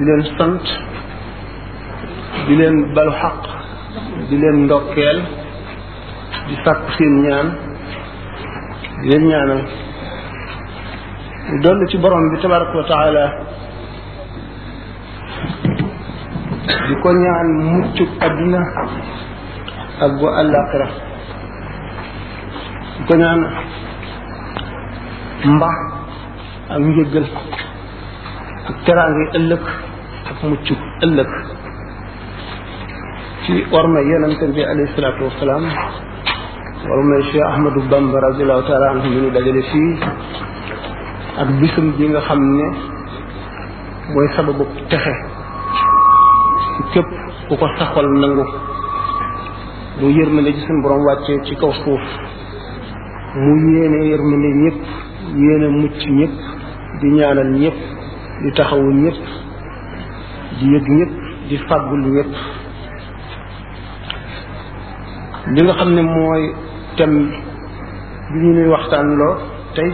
di leen sant di leen balu haq di leen ndokkeel di sak seen ñaan di leen ñaanal dolli ci borom bi tabaraku taala di ko ñaan muccu aduna ak bu àllaaxira di ko ñaan mba ak njëggal ak teraangi ëllëg mucc ëllëg ci orma yonente bi alayhi salatu wasalaam wala mel cheikh ahmadou bamba radiallahu taala anhu mi ñu dajale fii ak bisum bi nga xam ne mooy sababu texe ci képp ku ko saxal nangu lu yërmande ci suñu borom wàccee ci kaw suuf mu yéene yërmande ñëpp yéene mucc ñëpp di ñaanal ñëpp di taxawu ñëpp di yëg ñëpp di fàggul ñëpp li nga xam ne mooy thème bi ñu nuy waxtaan loo tey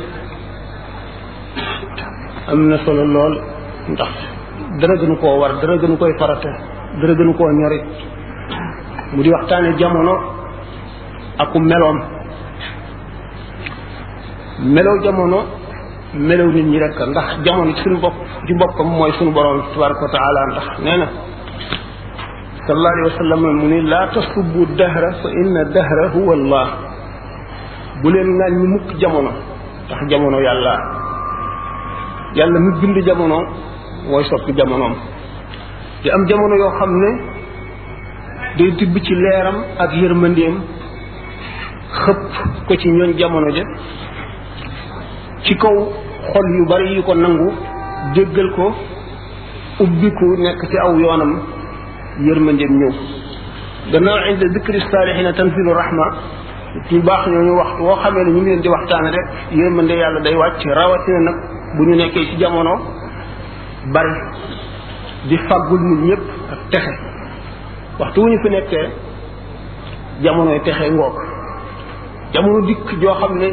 am na solo lool ndax dara gënu koo war dara gënu koy farata dara gënu koo ñorit mu di waxtaane jamono aku meloom meloo jamono melaw nit ñi rek ndax jamono ci suñu bopp ci boppam mooy suñu borom tabaraka wa taala ndax nee na sallallahu alayhi wa sallam mu ni laa tasubbu dahra fa inna dahra huwa allah bu leen ngaan ñu mukk jamono ndax jamono yàlla yàlla mu bind jamono mooy soppi jamonoom di am jamono yoo xam ne day tibb ci leeram ak yërmandeem xëpp ko ci ñoon jamono ja ci kaw xol yu bari yi ko nangu déggal ko ubbiku nekk ci aw yoonam yërmandeem ñëw gannaaw inda dikri saalihina tanzilu rahma ñu baax ñoo ñu waxtu woo xamee ne ñu ngi leen di waxtaane rek yërmande yàlla day wàcc rawatina nag bu ñu nekkee ci jamono bari di faggul nit ñëpp ak texe waxtu wu ñu fi nekkee jamonoy texe ngoog jamono dikk joo xam ne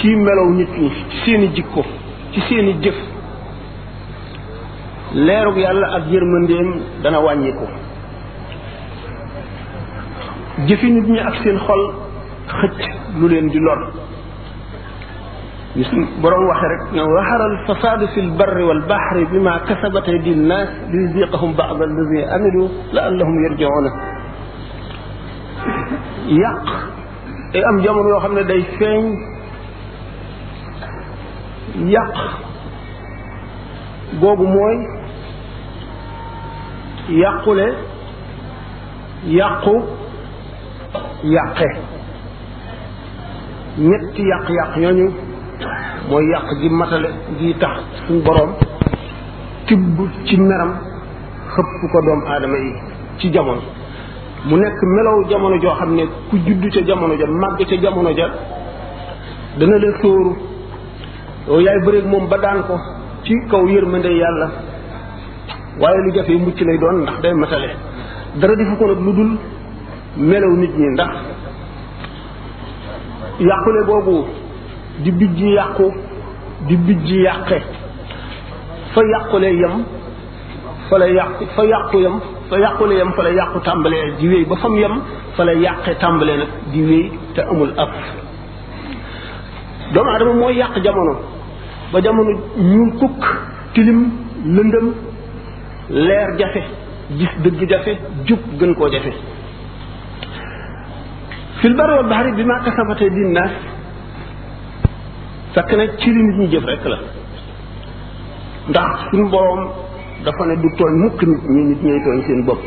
ci melaw nit ñi ci seeni jikko ci seeni jëf leerug yàlla ak yërmandeem dana wàññiku jëfi nit ñi ak seen xol xëcc lu leen di lor gis borom waxe rek ne waxara alfasadu fi lbarri walbahri bima kasabat aydi nnas liyuziqahum bada alladi amilu laallahum yarjiuna yàq day am jamono yoo xam ne day feeñ yàq googu mooy yàqule yàqu yàqe ñetti yàq-yàq ñooñu mooy yàq ji matale ji tax suñ boroom tibb ci meram xëpp ko doomu aadama yi ci jamono mu nekk melaw jamono joo xam ne ku judd ca jamono ja màgg ca jamono ja dana la sóoru yow yaay bëreeg moom ba daan ko ci kaw yërmande yàlla waaye lu jafe mucc lay doon ndax day matale dara defu ko nag lu dul melow nit ñi ndax yàqule boobu di bijj yàqu di bijj yàqe fa yàqule yem fa la yàqu fa yàqu yem fa yàqule yam fa la yàqu tàmbalee di wéy ba fam yam fa la yàqe tàmbalee nag di wéy te amul ab doomu aadama moo yàq jamono ba jamono ñu kukk tilim lëndëm leer jafe gis dëgg jafe jub gën koo jafe fil barri wal bahri bi ma kasabatee di naas fekk na ci li nit ñi jëf rek la ndax suñu boroom dafa ne du tooñ mukk nit ñi nit ñooy tooñ seen bopp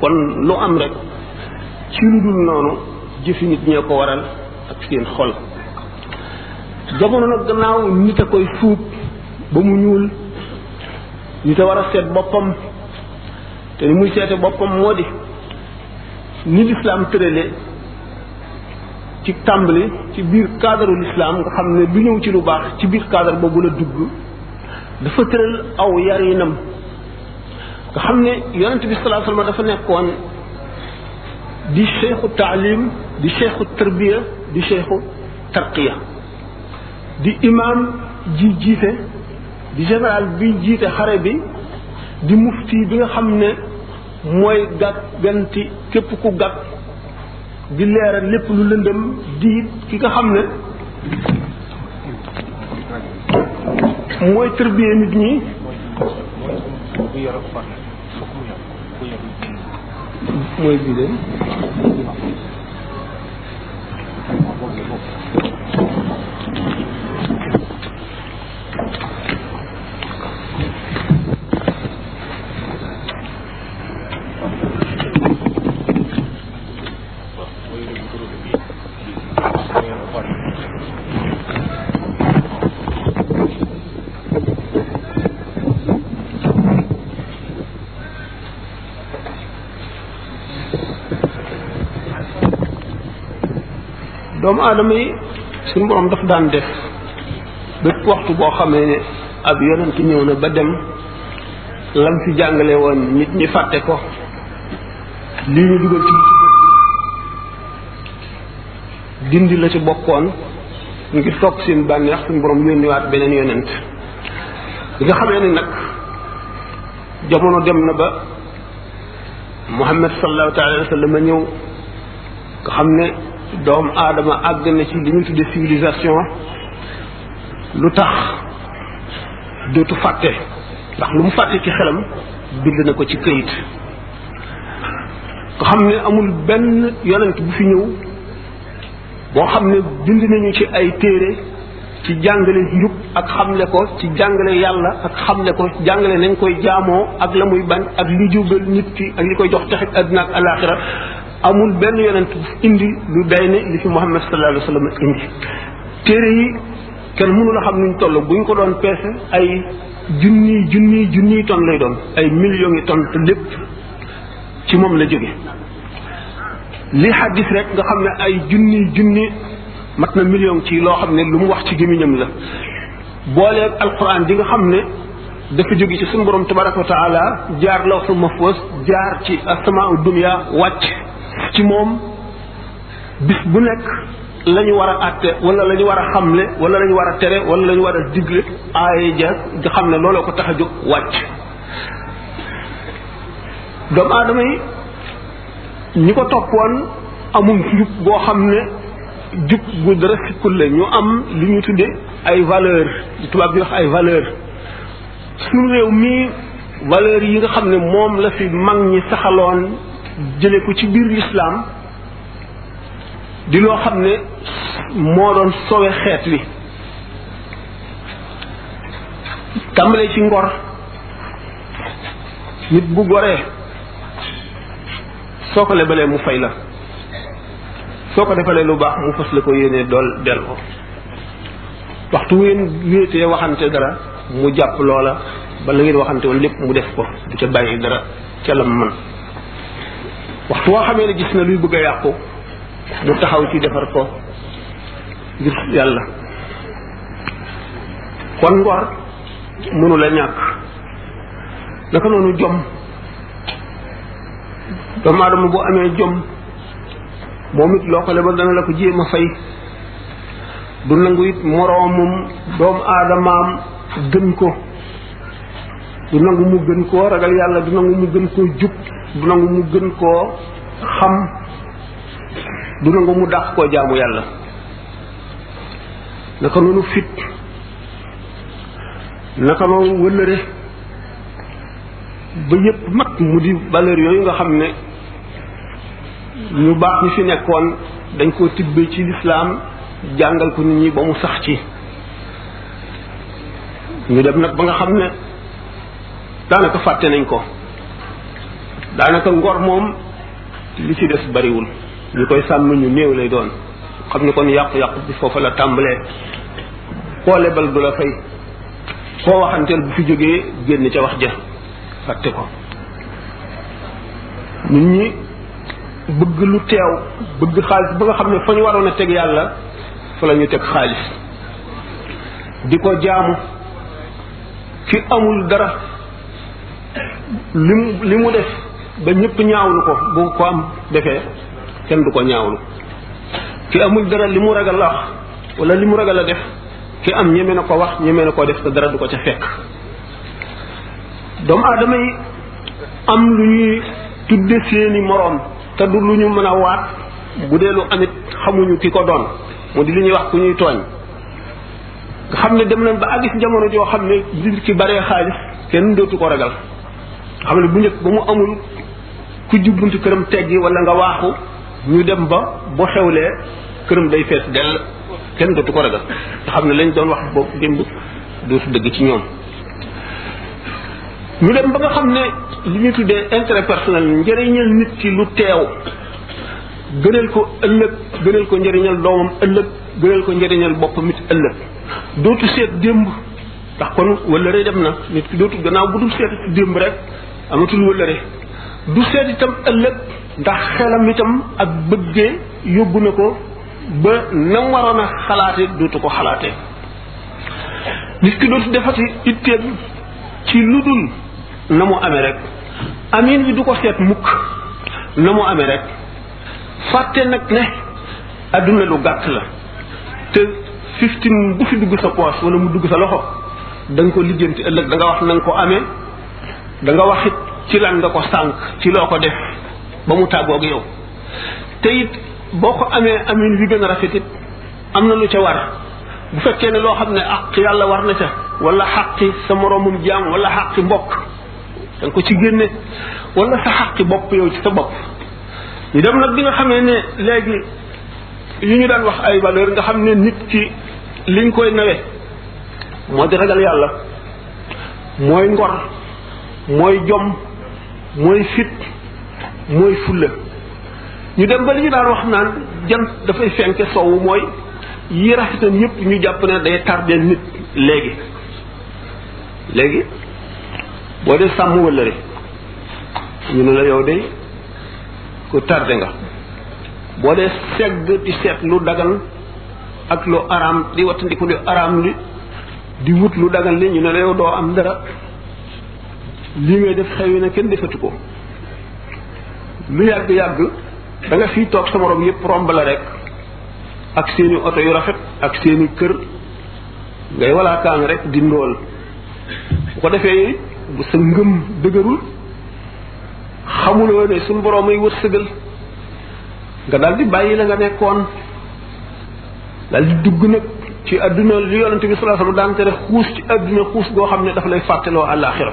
kon lu am rek ci lu dul noonu jëfi nit ñoo ko waral ak seen xol jamono nag gannaaw nit a koy fuub ba mu ñuul nit a war a seet boppam te ni muy seete boppam moo di ni lislaam tërale ci tàmbali ci biir cadre lislaam nga xam ne lu ñëw ci lu baax ci biir cadre bu la dugg dafa tëral aw yarinam nga xam ne yonent bi salaa sallam dafa nekkoon di cheikhu taalim di cheikhu tarbiya di cheikhu tarqiya di imaam ji jiite di général bi jiite xare bi di mufti bi nga xam ne mooy gàgganti képp ku gàgg di leeral lépp lu lëndëm di ki nga xam ne mooy tërbiye nit ñi doomu aadama yi suñu borom daf daan def bépp waxtu boo xamee ne ab yonent ñëw na ba dem lam fi jàngale woon nit ñi fàtte ko lii ñu dugal ci dindi la ci bokkoon ngi toog seen bànneex suñu borom yónniwaat beneen yonent bi nga xamee ne nag jamono dem na ba muhammad sallallahu taala wa sallam ñëw nga xam ne doomu aadama àgg na ci li ñu tudde civilisation lu tax dootu fàtte ndax lu mu fàtte ci xelam bind na ko ci këyit ko xam ne amul benn yonent bu fi ñëw boo xam ne bind nañu ci ay téere ci jàngale njub ak xamle ko ci jàngale yàlla ak ne ko jàngale nañ koy jaamoo ak la muy bañ ak li jubal nit ki ak ñu koy jox texit àdduna ak alaaxira amul benn yonent indi lu day ne li fi Muhammad sallallahu alayhi wa sallam indi téere yi kenn mënu xam nuñ toll buñ ko doon peese ay junniy junniy junniy tonnes lay doon ay million yi tonnes te lépp ci moom la jóge li xaddis rek nga xam ne ay junniy junni mat na million ci loo xam ne lu mu wax ci gémmiñam la booleeg alquran di nga xam ne dafa jóge ci suñu borom tabaraka wa taala jaar lawhul mahfuz jaar ci asamaa dunya wàcc ci moom bis bu nekk lañu war a àtte wala lañu war a xamle wala la war a tere wala la war a digle aaye ja nga xam ne looloo ko tax a jóg wàcc doomu aadama yi ñi ko toppoon amul jub goo xam ne jub gu dara sikkul la ñu am li ñu tudde ay valeur tubaab bi wax ay valeur suñu réew mii valeur yi nga xam ne moom la fi mag ñi saxaloon jële ko ci biir lislaam di loo xam ne moo doon sowe xeet wi tàmbalee ci ngor nit bu goree soo ko lebalee mu fay la soo ko defalee lu baax mu fas la ko yéenee dool delloo waxtu ngeen wéetee waxante dara mu jàpp loola bala ngeen waxante woon lépp mu def ko du ca bàyyi dara ca la mën waxtu woo xamee ne gis na luy bëgg a yàqu mu taxaw ci defar ko ngir yàlla kon ngor mënu ñàkk naka noonu jom doomu aadama bu amee jom moom it loo ko lebal dana la ko jéem a fay du nangu it moroomum doomu aadamaam gën ko du nangu mu gën koo ragal yàlla du nangu mu gën koo jub du nangu mu gën koo xam du nangu mu dàq koo jaamu yàlla naka noonu fit naka noonu wëllëre ba yépp mat mu di valeur yooyu nga xam ne ñu baax ñi fi nekkoon dañ koo tibbee ci lislaam jàngal ko nit ñi ba mu sax ci ñu dem nag ba nga xam ne daanaka fàtte nañ ko daanaka ngor moom li ci des bariwul lu koy sàmm ñu néew lay doon xam ne kon yàqu-yàqu bi foofa la tàmbalee koo lebal du la fay koo waxanteel bu fi jógee génn ca wax ja fàtte ko nit ñi bëgg lu teew bëgg xaalis ba nga xam ne fa ñu waroon a teg yàlla fa la ñu teg xaalis di ko jaamu ki amul dara li mu li mu def ba ñëpp ñaawlu ko bu ko am defee kenn du ko ñaawlu ki amul dara li mu ragal la wax wala li mu ragal a def ki am ñeme na ko wax ñeme na ko def te dara du ko ca fekk doomu aadama yi am lu ñuy tudde seeni moroom te du lu ñu mën a waat bu dee lu amit xamuñu ki ko doon mu di li ñuy wax ku ñuy tooñ xam ne dem nañ ba àggis jamono joo xam ne nit ki baree xaalis kenn dootu ko ragal xam ne bu njëkk ba mu amul ku jubbuntu këram teggi wala nga waaxu ñu dem ba boo xewlee këram day fees dell kenn dootu ko ragal te xam ne lañ doon wax boobu démb dootu dëgg ci ñoom ñu dem ba nga xam ne li ñu tuddee intérêt personnel njëriñal nit ci lu teew gënal ko ëllëg gënal ko njëriñal doomam ëllëg gënal ko njëriñal boppam it ëllëg dootu seet démb ndax kon walla rëy dem na nit ki dootu gannaaw bu dul seet démb rek amatul wëllëre du seet itam ëllëg ndax xelam itam ak bëggee yóbbu na ko ba nam waroon a xalaate dootu ko xalaatee nit ki dootu defati itteem ci lu dul na mu amee rek amin bi du ko seet mukk na mu amee rek fàtte nag ne adduna lu gàtt la te fifteen bu fi dugg sa poche wala mu dugg sa loxo da nga ko lijjanti ëllëg danga nga wax na ko amee danga nga waxit ci lan nga ko sànq ci loo ko def ba mu tàggoog yow te boo ko amee amin wi gën a rafet it am na lu ca war bu fekkee ne loo xam ne àq yàlla war na ca wala xaqi sa moroomum jaam wala xaqi mbokk da ko ci génne wala sa xaqi bopp yow ci sa bopp ñu dem nag bi nga xamee ne léegi yu ñu daan wax ay valeur nga xam ne nit ki liñ koy nawe moo di ragal yàlla mooy ngor mooy jom mooy fit mooy fulla ñu dem ba li ñu daan wax naan jant dafay fenke sowwu mooy yi rafetam yépp ñu jàpp ne day tardeel nit léegi léegi boo dee sàmm wëllëre ñu ne la yow de ku tardé nga boo dee segg di seet lu dagan ak lu araam di wattandiku lu araam li di wut lu dagan li ñu ne la yow doo am dara lii ngay def xew yi na kenn defatu ko lu yàgg yàgg danga nga fiy toog sa morom yëpp romb la rek ak seeni oto yu rafet ak seeni kër ngay walaakaan rek di ndóol bu ko defee bu sa ngëm dëgërul xamuloo ne suñ borom ay wërsëgal nga daal di bàyyi la nga nekkoon daal di dugg nag ci àdduna li yonente bi sallallahu alayhi wasallam daan tere xuus ci àdduna xuus goo xam ne dafa lay fàtteloo àllaaxira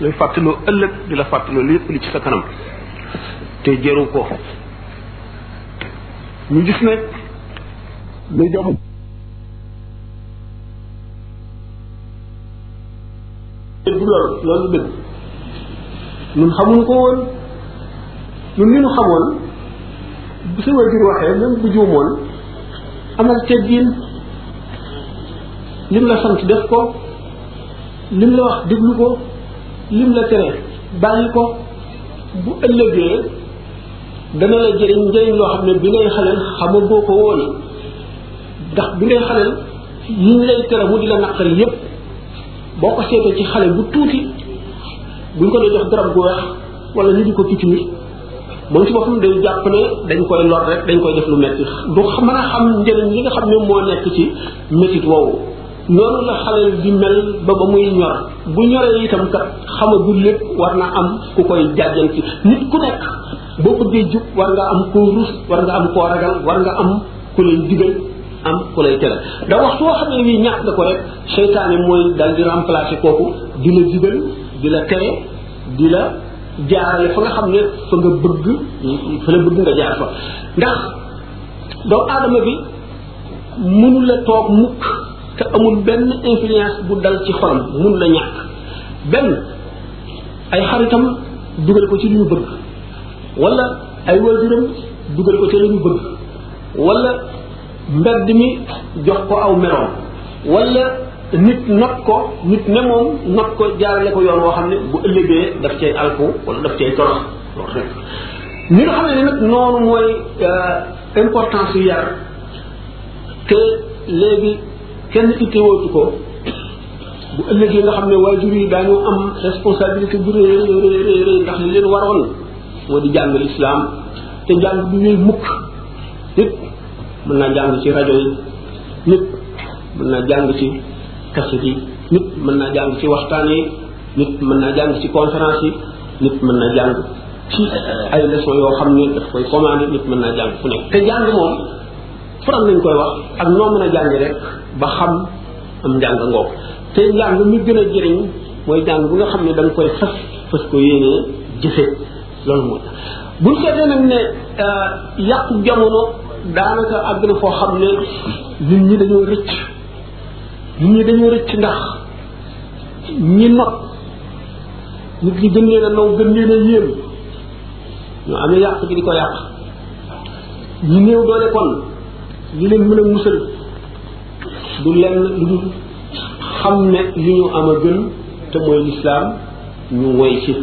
lay fàttaloo ëllëg di la fàttaloo lépp li ci sa kanam te jëru ko ñu gis ne lay jamu du lor loolu dëgg ñun xamuñ ko woon ñun li ñu xamoon bu sa wajur waxee même bu juumoon amal teggin lim la sant def ko lim la wax déglu ko lim la tere bàyyi ko bu ëllëgee dana la jëriñ njëriñ loo xam ne bi ngay xaleel xamagoo ko woon ndax bi ngay xaleel yi ñu lay tere mu di la naqari yépp boo ko seetee ci xale bu tuuti buñ ko dee jox garab gu weex wala ñu di ko picc mi moom ci boppam day jàpp ne dañ koy lor rek dañ koy def lu metti bu mën a xam njëriñ li nga xam ne moo nekk ci métit woowu noonu la xaleel di mel ba ba muy ñor bu ñoree itam kat xamagul lépp war na am ku koy jàjjanti nit ku nekk boo bëggee jub war nga am koo rus war nga am koo ragal war nga am ku lay digal am ku lay tere da wax soo xam ne wii ñàkk nga ko seytaane mooy dal di kooku di la digal di la tere di fa nga xam ne nga bëgg fa la bëgg nga jaar fa ndax doomu aadama bi mënu la toog mukk te amul benn influence bu dal ci xolam mun la ñàkk benn ay xaritam dugal ko ci li ñu bëgg wala ay waajuram dugal ko ci li ñu bëgg wala mbedd mi jox ko aw meloom walla nit not ko nit ne moom not ko jaarale ko yoon woo xam ne bu ëllëgee daf cay alku wala daf cay torox loolu nga xam ne nag noonu mooy euh, importance yu yar te léegi kenn itte wootu ko bu ëllëgee nga xam ne waajur yi daañu am responsabilité bu rëy rëy rëy ndax li leen waroon moo di jàng lislaam te jàng du ñuy mukk nit mën naa jàng ci rajo yi nit mën naa jàng ci kaset yi nit mën naa jàng ci waxtaan yi nit mën naa jàng ci conférence yi nit mën naa jàng ci ay leçon yoo xam ne daf koy commandé nit mën naa jàng fu nekk te jàng moom faral nañ koy wax ak noo mën a jàngi rek ba xam am njàng ngoog te njàng mi gën a jëriñ mooy jàng bu nga xam ne da koy fas fas ko yéenee jëfe loolu mooy buñ seetee nag ne euh, yàqu jamono daanaka àgg na foo xam ne nit ñi dañoo rëcc nit ñi dañoo ndax ñi not nit ñi gën leen a naw gën leen a yéem ñu amee yàq gi di ko yàq ñi néew doole kon li leen mën a musal du lenn lu dul xam ne li ñu am a gën te mooy lislaam ñu woy ci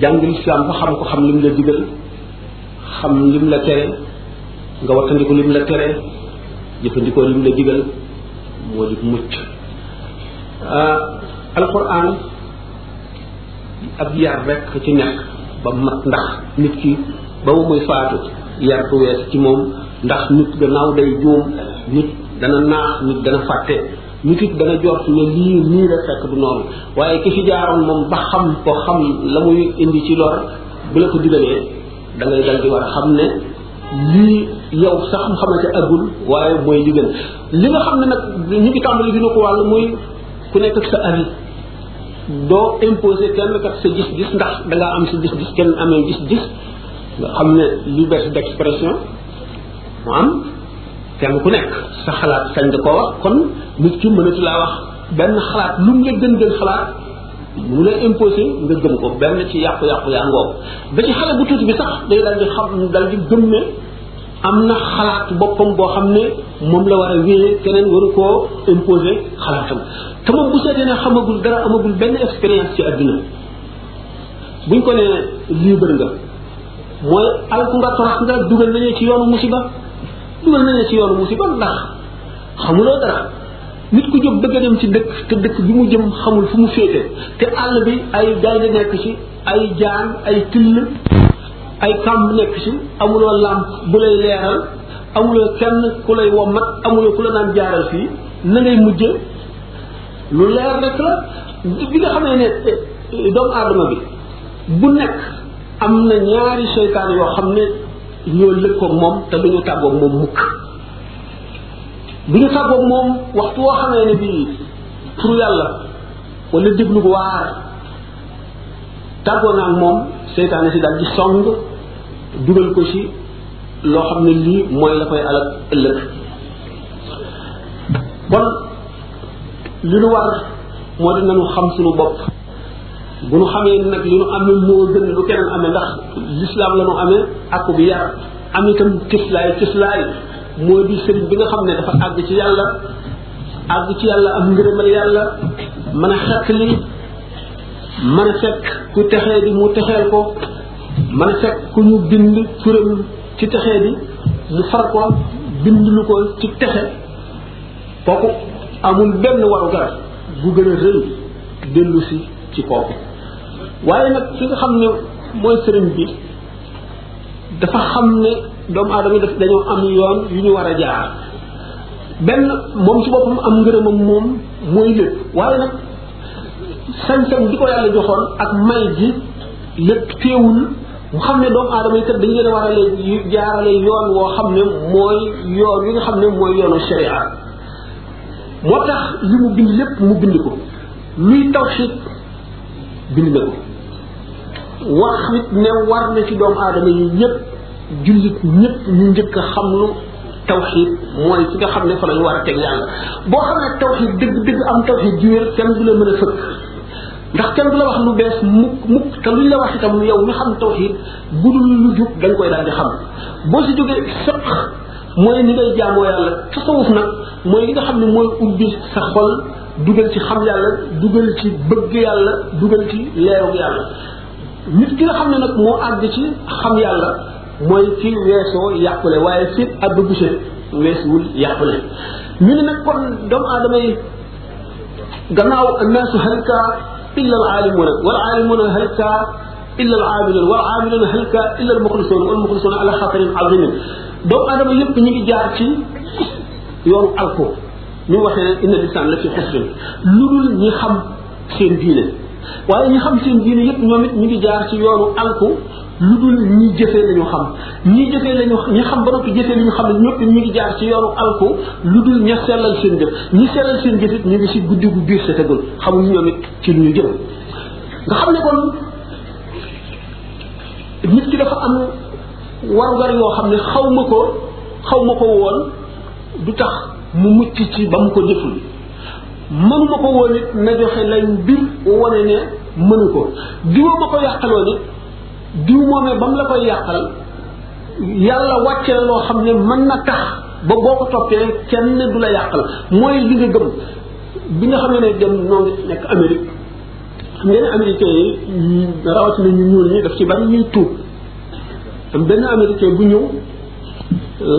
jàng lislaam ba xam ko xam lim la digal xam lim la tere nga wattandiku lim la tere jëfandikoo lim la digal moo di mucc ah, alquran ab yar rekk ci nekk ba mat ndax nit ki ba mu muy faatu yar bu wees ci moom ndax nit gannaaw day juum nit dana naax nit dana fàtte nit it dana jort ne lii nii la fekk du noonu waaye ki fi jaaroon moom ba xam ko xam la muy indi ci lor bu la ko digalee da ngay dal di war a xam ne lii yow sax mu xamante agul waaye mooy li gën li nga xam ne nag ñu ngi tàmbali dina ko wàll muy ku nekk ak sa avis doo imposer kenn kat sa gis-gis ndax dangaa am sa gis-gis kenn amee gis-gis nga xam ne liberté d'expression mu am kenn ku nekk sa xalaat sañ da koo wax kon nit ki mënatu laa wax benn xalaat lu mu la gën gën xalaat mu la imposé nga gëm ko benn ci yàqu-yàqu yaa ngoob ba ci xale bu tuuti bi sax day dal di xam dal di gëm ne am na xalaat boppam boo xam ne moom la war a wéyee keneen waru koo imposé xalaatam te moom bu seetee ne xamagul dara amagul benn expérience ci àdduna buñ ko nee libre nga mooy alku nga torax nga dugal nañu ci yoonu musiba dugal na ne ci yoonu si ndax xamuloo dara nit ku jóg bëgg a dem ci dëkk te dëkk bi mu jëm xamul fu mu féete te àll bi ay gaynde nekk ci ay jaan ay till ay kàmb nekk ci amuloo làmp bu lay leeral amuloo kenn ku lay wommat amuloo ku la naan jaaral fii na mujj mujje lu leer rek la bi nga xamee ne eh, doomu aadama bi bu nekk am na ñaari seytaan yoo xam ne ñoo lëkkoog moom te du ñu tàggoog moom mukk du ñu tàggoog moom waxtu woo xamee ne bii turu yàlla walla déglu ko waar tàggoo naa ak moom seytaane si daal di song dugal ko ci loo xam ne lii mooy la koy alal ëllëg bon li nu war moo di nañu xam suñu bopp bu nu xamee nag li nu amee moo gën lu keneen amee ndax lislaam la nu amee ak bi yar am itam kislaay moo di sëriñ bi nga xam ne dafa àgg ci yàlla àgg ci yàlla am ngërëmal yàlla mën a xekk li mën a fekk ku texee di mu texeel ko mën a fekk ku ñu bind turam ci texee di mu far ko bind lu ko ci texe kooku amul benn waru garab bu gën a rëy dellu si ci kooku waaye nag ki nga xam ne mooy sëriñ bi dafa xam ne doomu aadama daf dañoo am yoon yu ñu war a jaar benn moom ci boppam am ngërëmam moom mooy lépp waaye nag sañ-sañ di ko yàlla joxoon ak may bi lépp teewul mu xam ne doomu aadama yi kat dañu leen war a leen jaarale yoon woo xam ne mooy yoon yi nga xam ne mooy yoonu sharia moo tax li mu bind lépp mu bind ko luy tawxiid bind na ko wax nit ne war na ci doomu aadama yi ñëpp jullit ñëpp ñu njëkk a xam lu tawxid mooy fi nga xam ne fa lañu war a teg yàlla boo xam ne tawxid dëgg dëgg am tawxid ju wér kenn du mën a fëkk ndax kenn du la wax lu bees mukk mukk te ñu la wax itam yow mi xam ne tawxid bu dul lu jub dañ koy daal di xam boo ci jógee fiq mooy ni ngay jaamoo yàlla tasawuf nag mooy li nga xam ne mooy ubbi sa xol dugal ci xam yàlla dugal ci bëgg yàlla dugal ci leeru yàlla nit ki nga xam ne nag moo àgg ci xam yàlla mooy kii weesoo yàqule waaye fit ak bu gisee weesuwul yàqule ñu ne nag kon doomu aadama yi gannaaw annaasu halka illa al aalimuuna wal aalimuuna halka illa al aabiduun wal aabiduun halka illa al muxlisuun wal muxlisuun ala xatarin azimin doomu aadama yëpp ñu ngi jaar ci yoonu alko ñu waxee ne inna lisaan la fi xusrin lu dul ñi xam seen diine waaye ñu xam seen diine yépp ñoom it ñu ngi jaar ci yoonu alku lu dul ñi jëfee la ñu xam ñi jëfee la ñi xam ba noppi jëfee li ñu xam ne ñu ngi jaar ci yoonu alku lu dul ña sellal seen jëf ñi sellal seen jëf it ñu ngi si guddi gu biir sa tegul xamuñu ñoom it ci lu ñu jëm nga xam ne kon nit ki dafa am war-war yoo xam ne xaw ma ko xaw ma ko woon du tax mu mucc ci ba mu ko jëful mënuma ko woon it na joxe lay mbir wane ne mënu ko diwa ma ko yàqaloon it diw moomee ba mu la koy yàqal yàlla wàcce la loo xam ne mën na tax ba boo ko toppee kenn du la yàqal mooy li nga gëm bi nga xam ne dem noo nekk Amérique xam ngeen américain yi rawatina ñu ñuul ñi daf ci bari ñuy tuub am benn américain bu ñëw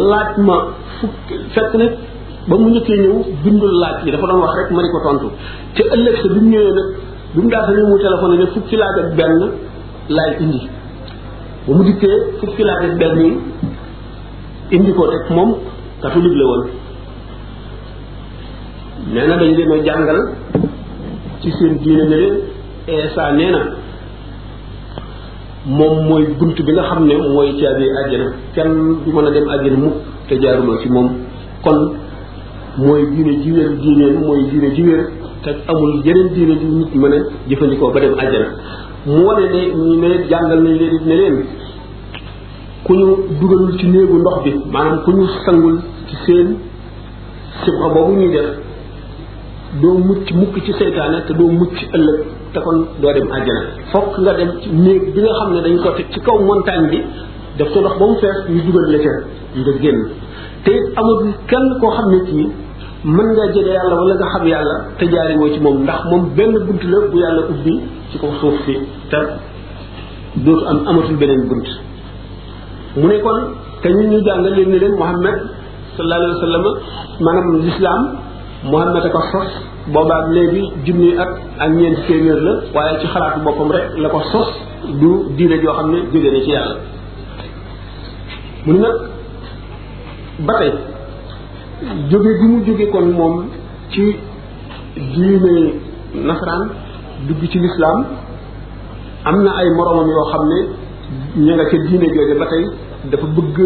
laaj ma fukk fekk ne ba mu njëkkee ñëw bindul laaj yi dafa doon wax rek ma ko tontu ca ëllëg sa bi mu ñëwee nag bi mu daal mu téléphoné ne fukki laaj ak benn laay indi ba mu dikkee fukki laaj ak benn indi ko rek moom catholique la woon nee na dañ leen a jàngal ci seen diine ne leen Eesa nee na moom mooy bunt bi nga xam ne mooy caabi àjjana kenn du mën a dem àjjana mukk te jaaruma ci moom kon mooy diine ji wér diineen mooy diine ji wér te amul yeneen diine ji nit mën a jëfandikoo ba dem àjjana mu wane ne ñu ne jàngal nañ leen it ne leen ku ñu dugalul ci néegu ndox bi maanaam ku ñu sangul ci seen sibxa boobu ñuy def doo mucc mukk ci seytaane te doo mucc ëllëg te kon doo dem àjjana fokk nga dem ci néeg bi nga xam ne dañ ko teg ci kaw montagne bi def ko ndox ba mu fees ñu dugal la ca nga génn te it amul kenn koo xam ne kii mën nga jege yàlla walla nga xam yàlla te jaariwoo ci moom ndax moom benn bunt la bu yàlla ubbi ci ko suuf si te dootu am amatul beneen bunt mu ne kon te ñun ñu jàngal leen ne leen Muhammad sallallahu alayhi maanaam lislaam Muhammad a ko sos boobaab léegi junni at ak ñeenti téeméer la waaye ci xalaatu boppam rek la ko sos du joo xam ne jóge ci yàlla mu ne nag ba tey jóge gi mu jóge kon moom ci diine nasaraan dugg ci lislaam am na ay moroomam yoo xam ne ña nga ca diine jooje ba tey dafa bëgg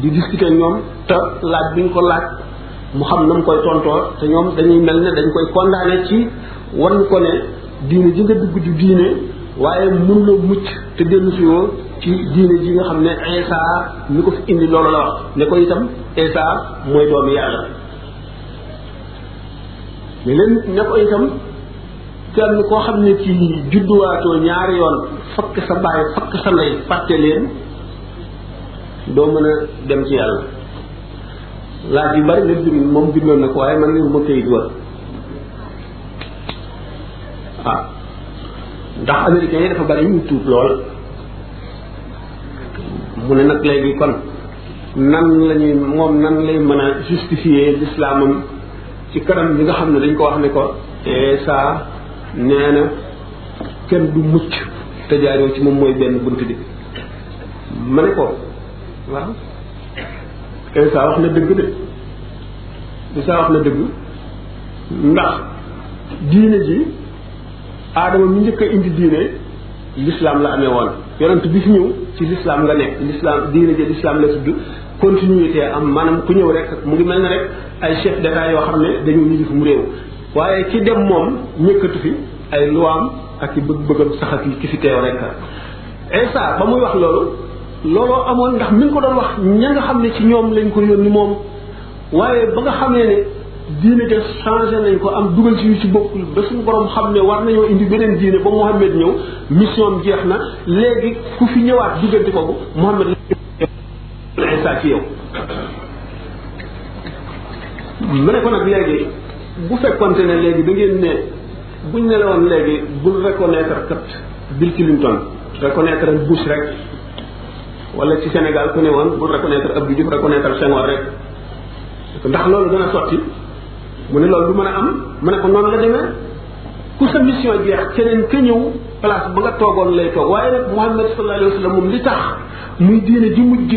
di discuter ñoom te laaj bi ñu ko laaj mu xam na mu koy tontoo te ñoom dañuy mel ne dañ koy condamné ci wan ko ne diine ji dugg du diine waaye mun la mucc te dellu si ci diine ji nga xam ne Isa mi ko fi indi loolu la wax ne ko itam Isa mooy doomu yàlla ne leen ne ko itam kenn koo xam ne ci judduwaatoo ñaari yoon fakk sa baay fakk sa ndey fàtte leen doo mën a dem ci yàlla laaj yu bari la bind moom bindoon na ko waaye man ni ma këyit war waaw ah. ndax américains yi dafa bari ñu tuub lool mu ne nag léegi kon nan lañuy moom nan lay mën a justifier l'islamam ci kanam bi nga xam ne dañ ko wax ne ko Esa nee na kenn du mucc te jaaroo ci moom mooy benn bunt bi ma ne ko waaw Esa wax na dëgg de Esa wax na dëgg ndax diine ji aadama mi njëkk a indi diine l'islam la amee woon yonent bi fi ñëw ci l'islam nga nekk l'islam diine ji l'islam la tudd continuité am maanaam ku ñëw rek mu ngi mel ne rek ay chef d'état yoo xam ne dañu yilif mu réew waaye ki dem moom ñëkkatu fi ay luwaam ak i bëgg-bëggam saxat yi ki fi teew rek Isa ba muy wax loolu looloo amoon ndax mi ngi ko doon wax ña nga xam ne ci ñoom lañ ko ni moom waaye ba nga xamee ne diine de changé nañ ko am dugal ci yu ci bokkul ba suñu borom xam ne war nañoo indi beneen diine ba Mouhamed ñëw mission jeex na léegi ku fi ñëwaat diggante kooku Mouhamed la Issa ci yow mu ne ko nag léegi bu fekkonte ne léegi da ngeen ne buñ ne la woon léegi bul reconnaître kat Bill Clinton reconnaître Bush rek wala ci Sénégal ku ne woon bul reconnaître Abdou Diouf reconnaître Senghor rek ndax loolu dana sotti mu ne loolu du mën a am mu ne ko noonu la demee ku sa mission jeex keneen ka ñëw place ba nga toogoon lay toog waaye nag Muhammad sallallahu alayhi wa sallam li tax muy diine ji mujj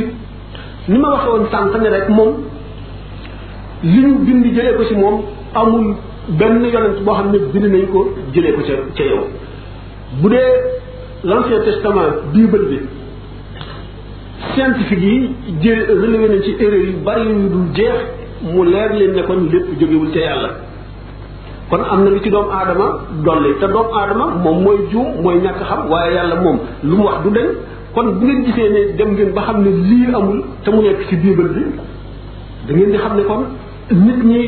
ni ma waxee woon ne rek moom li ñu bind jëlee ko ci moom amul benn yonent boo xam ne bind nañ ko jëlee ko ca ca yow bu dee l'ancien testament bible bi scientifique yi jël relevé nañ ci erreur yu bari yu dul jeex mu leer leen ne kon lépp jógewul ca yàlla kon am na lu ci doomu aadama dolli te doomu aadama moom mooy juum mooy ñàkk xam waaye yàlla moom lu mu wax du deñ kon bu ngeen gisee ne dem ngeen ba xam ne lii amul te mu nekk ci biibal bi da ngeen di xam ne kon nit ñi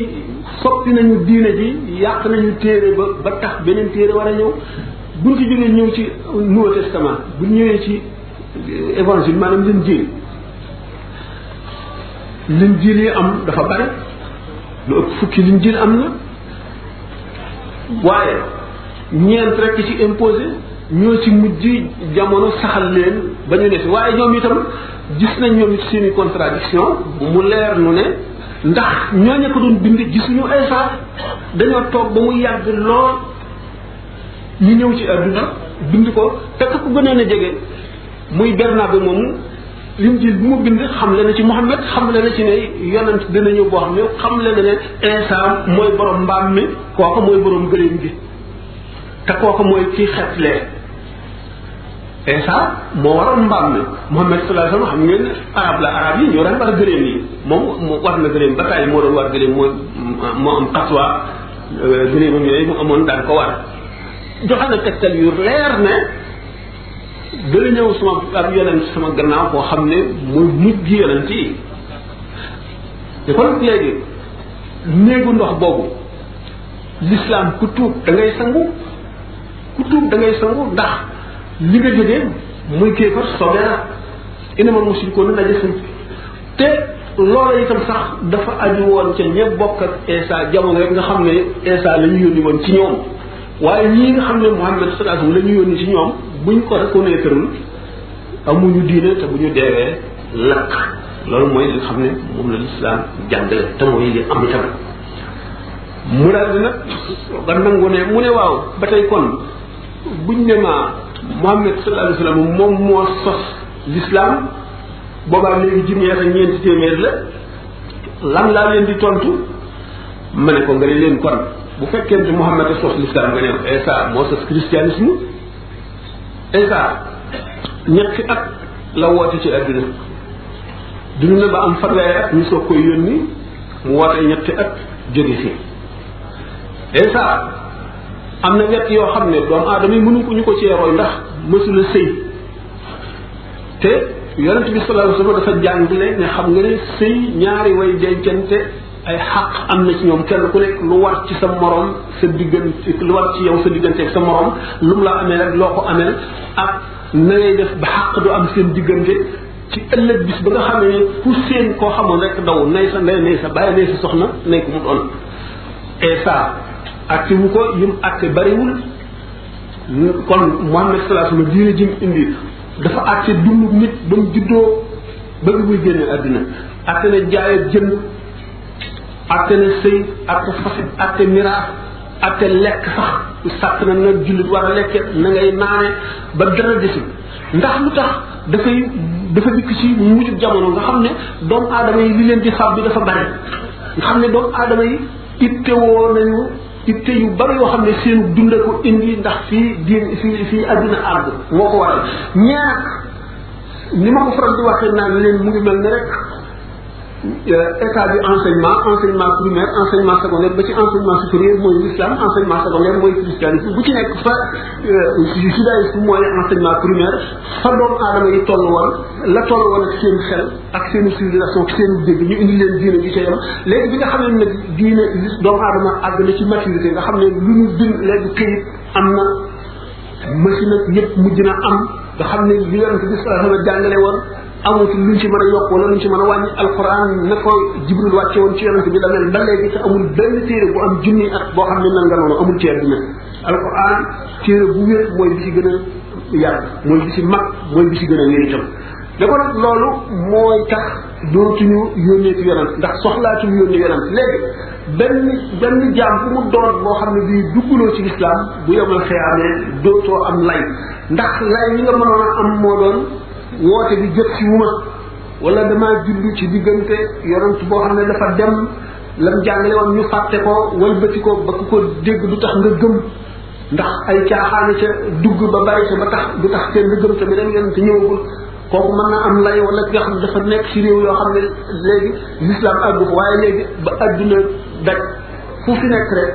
soppi nañu diine ji yàq nañu téere ba ba tax beneen téere war a ñëw buñ ci jógee ñëw ci nouveau testament bu ñëwee ci évangile maanaam leen jéem liñ jiir yi am dafa bare lu ëpp fukki liñ jiir am na waaye ñeent rek ci imposé ñoo ci mujj jamono saxal leen ba ñu ne si waaye ñoom itam gis nañ ñoom seeni contradiction mu leer nu ne ndax ñooñu ko doon bind gisuñu ay saar dañoo toog ba mu yàgg lool ñu ñëw ci àdduna bind ko te ku gënoon jege muy Bernabe moom lim jël bu mu bind xam la na ci muhammad xam la na ci ne yonent dina ñëw boo xam ne xam la na ne insa mooy borom mbaam mi kooku mooy borom gëléem bi te kooku mooy kii xetlee insa moo waroon mbaam mi muhammad salaa sallam xam ngeen arab la arab yi ñoo daan war gëléem yi moom war na gëléem ba tàyyi moo doon war gëléem moo moo am xaswa gëléemam yooyu mu amoon daan ko war joxe na tegtal yu leer ne dana ñëw sama ab yonent sama gannaaw koo xam ne muy mujj yonent yi te kon léegi néegu ndox boobu l'islam ku tuub da ngay sangu ku da ngay sangu ndax li nga jógee muy kéefar sobe na inamal mushrikuuna najasun te loola itam sax dafa aju woon ca ñëpp bokk ak Isa jamono rek nga xam ne Isa la ñu yónni woon ci ñoom waaye ñii nga xam ne Muhammad sallallahu alayhi la ñu yónni ci ñoom buñ ko reconnaîtreul amuñu diine te bu ñu deewee lakk loolu mooy li xam ne moom la lislaam jàngale te mooy li am itam mu daal di nag ba nangu ne mu ne waaw ba tey kon buñ ne ma Muhammad sallallahu alayhi wa sallam moom moo sos lislaam boobaa léegi junni ak ñeenti téeméer la lan laa leen di tontu ma ne ko nga ne leen kon bu fekkente Muhammad a sos lislaam nga ne Isa moo sos christianisme Isa ñetti at la woote ci adduna dund na ba am fanweeri at ñu soog koy yónni mu woote ñetti at jóge fi Isa am na ñett yoo xam ne doomu aadama yi ko ñu ko cee roy ndax mësula sëy te yonent bi sallallahu alayhi wasallam dafa jàngale ne xam nga ne sëy ñaari way dencante ay xaq am na ci ñoom kenn ku nekk lu war ci sa morom sa digënté lu war ci yow sa digënté ak sa morom lu mu la amé rek loko amé ak na lay def ba xaq du am seen digënté ci ëllëg bis ba nga xamé ku seen ko xamul rek daw nay sa ndey nay sa baye nay sa soxna nay ko mu doon esa ak ci mu ko yim ak bari bariwul kon muhammad sallallahu alayhi wasallam diina jim indi dafa àtte dund nit ba mu juddoo ba bi muy génne àddina àtte na jaaye jënd atte na sëy atte fase atte miraas atte lekk sax sàtt na na jullit war a lekke na ngay naane ba dara desi ndax lu tax dafay dafa dikk ci mujjub jamono nga xam ne doomu aadama yi li leen di sàb bi dafa bare nga xam ne doomu adama yi ittewoo nañu itte yu bari yoo xam ne seen dunda ko indi ndax fii diin fii fii adduna àgg moo ko waral ñaar ni ma ko faral di waxee naan leen mu ngi mel ne rek état du enseignement enseignement primaire enseignement secondaire ba ci enseignement supérieur moy l'islam enseignement secondaire moy christianisme bu ci nek fa judaïsme mooy enseignement primaire fa do aadama yi tollu woon la tollu woon ci seen xel ak seen civilisation seen dégg ñu indi leen diine ci ca légui bi nga xamné nak nag diine doomu aadama ag na ci maturité nga xamné lu ñu bin légui kayit amna machine ak ñepp mujjina am nga xamné li yonente bi sallallahu alayhi wa sallam jàngale won amut luñ ci mëna yok wala luñ ci mëna wañi alquran nako jibril wacce won ci yaronte bi la mel ba legi te amul benn téré bu am jinni ak bo xamne nan nga nonu amul téré bu mel alquran téré bu wér moy bi ci gëna yar moy bi ci mag moy bi ci gëna wér itam da ko nak lolu moy tax dootuñu yonne ci yaronte ndax soxlaatu yonne yaronte legi benn benn jaam bu mu doon boo xam ne bii dugguloo ci lislaam bu yomal xiyaamee dootoo am lay ndax lay ñi nga mënoon a am moo doon woote bi jot ci wuma wala damaa julli ci diggante yonent boo xam ne dafa dem lam jàngale woon ñu fàtte ko wëlbati ko ba ku ko dégg du tax nga gëm ndax ay caaxaane ca dugg ba bari ca ba tax du tax kenn nga gëm te beneen yonent ñëwagul kooku man na am lay wala ki nga xam ne dafa nekk ci réew yoo xam ne léegi l'islam àggu fa waaye léegi ba adduna daj fu fi nekk rek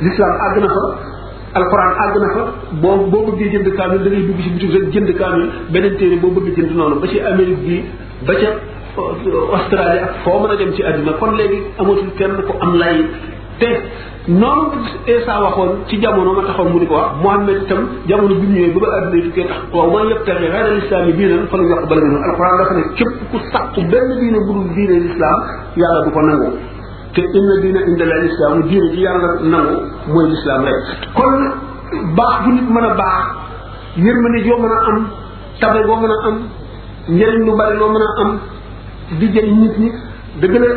l'islam àgg na fa alxuraan àgg na fa boo boo bëggee jënd kaamil da ngay dugg ci bitim rek jënd kaamil beneen téere boo bëgg jënd noonu ba ci Amérique bi ba ca euh, Australie ak foo mën a dem ci àddina kon léegi amatul kenn ko am lay te noonu Esa waxoon ci jamono ma taxaw mu di ko wax Muhammad itam jamono bi mu ñëwee ba ba àddina tukkee tax waaw man yëpp taxe xayral islam yi diinan fa la yokk bala nga noonu alxuraan dafa ne képp ku sàkku benn diine bu dul diine l'islam yàlla du ko nangu te inna diina inda la lislaam diine ji yàlla nangu mooy lislaam rek kon baax bu nit mën a baax yërmande joo mën a am tabe boo mën a am njëriñ lu bari loo mën a am di jëriñ nit ñi dëgg la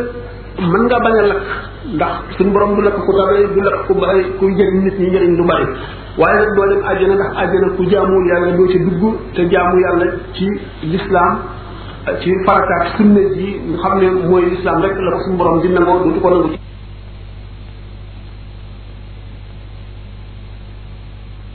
mën nga bañ a lakk ndax suñ borom du lakk ku tabe du lakk ku bari ku jëriñ nit ñi njëriñ lu bari waaye nag doo dem àjjana ndax àjjana ku jaamuwul yàlla doo ci dugg te jaamu yàlla ci lislaam ci farataak sunna ji nga xam ne mooy islam rek la ko suñu borom di nangoo dootu ko nangu ci